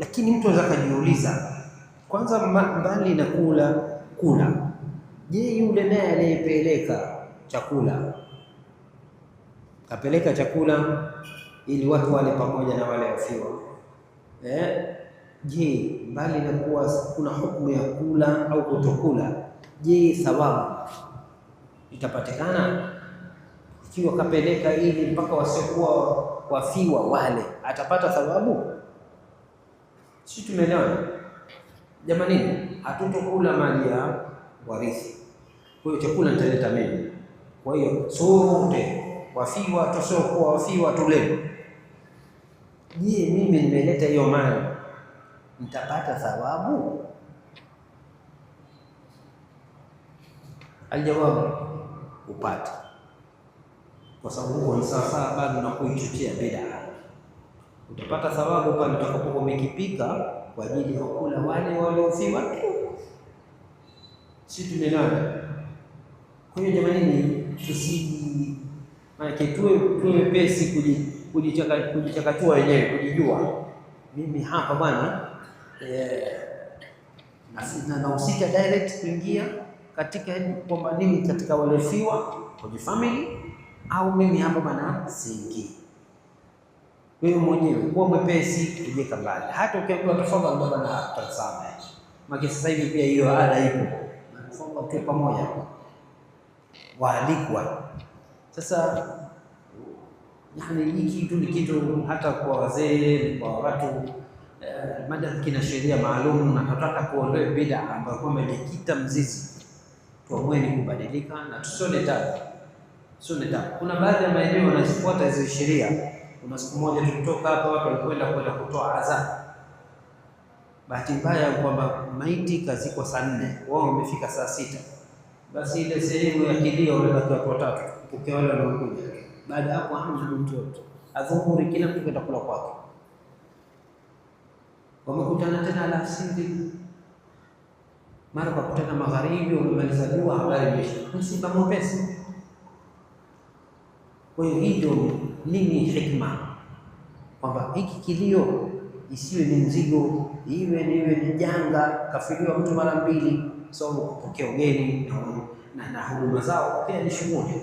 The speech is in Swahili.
Lakini mtu anaweza kujiuliza kwanza, mbali na kula kula, je, yule naye anayepeleka chakula kapeleka chakula ili watu wale pamoja na wale wafiwa eh? Je, mbali na kuwa kuna hukumu ya kula au kutokula, je, thawabu itapatikana ikiwa kapeleka ili mpaka wasiokuwa wafiwa wale, atapata thawabu? si tumeelewana eh? jamani? Hatutokula mali ya warithi, kwa hiyo chakula nitaleta mimi. Kwa hiyo sote wafiwa tusiokuwa wafiwa tule. Je, mimi nimeleta hiyo mali nitapata thawabu? Aljawabu, upate, kwa sababu huo ni sawasawa bado na kuichochea bid'a utapata thawabu pale utakapokuwa umekipika kwa ajili ya kula wale waliosiwa Si tumelala. Kwa hiyo jamani, tusiji maanake, tuwe wepesi kujichakatua wenyewe, kujijua. Mimi hapa bwana eh, na nahusika direct kuingia katika kwamba nini, katika waliofiwa kwenye family, au mimi hapa bwana siingii wewe mwenyewe kuwa mwepesi, ujeka mbali. Hata ukiambiwa tafadhali, bwana na tazama hicho, maana sasa hivi pia hiyo ada ipo, nasoma tu pamoja, waalikwa. Sasa yani hiki kitu ni kitu hata kwa wazee, kwa watu eh, mada kina sheria maalum, na tunataka kuondoe bid'a ambayo kwamba imekita mzizi. Tuamweni kubadilika na tusone taa, tusone taa. Kuna baadhi ya maeneo wanazifuata hizo sheria kuna siku moja tulitoka hapa, watu walikwenda kwenda kutoa azaa. Bahati mbaya kwamba maiti kazikwa saa nne, wao wamefika saa sita. Basi ile sehemu ya kilio wamebaki watu watatu, kupokea wale wanaokuja. Baada ya hapo hamna mtu yote. Adhuhuri kila mtu kwenda kula kwake, wamekutana tena alasiri, mara kwa kutana magharibi, wamemaliza jua, habari imeisha, msiba mwepesi kwa hiyo hivyo nini hikma kwamba hiki kilio isiwe ni mzigo, iwe niwe ni janga. kafiriwa mtu mara mbili, sababu kupokea ugeni na huduma zao pia ni shughuli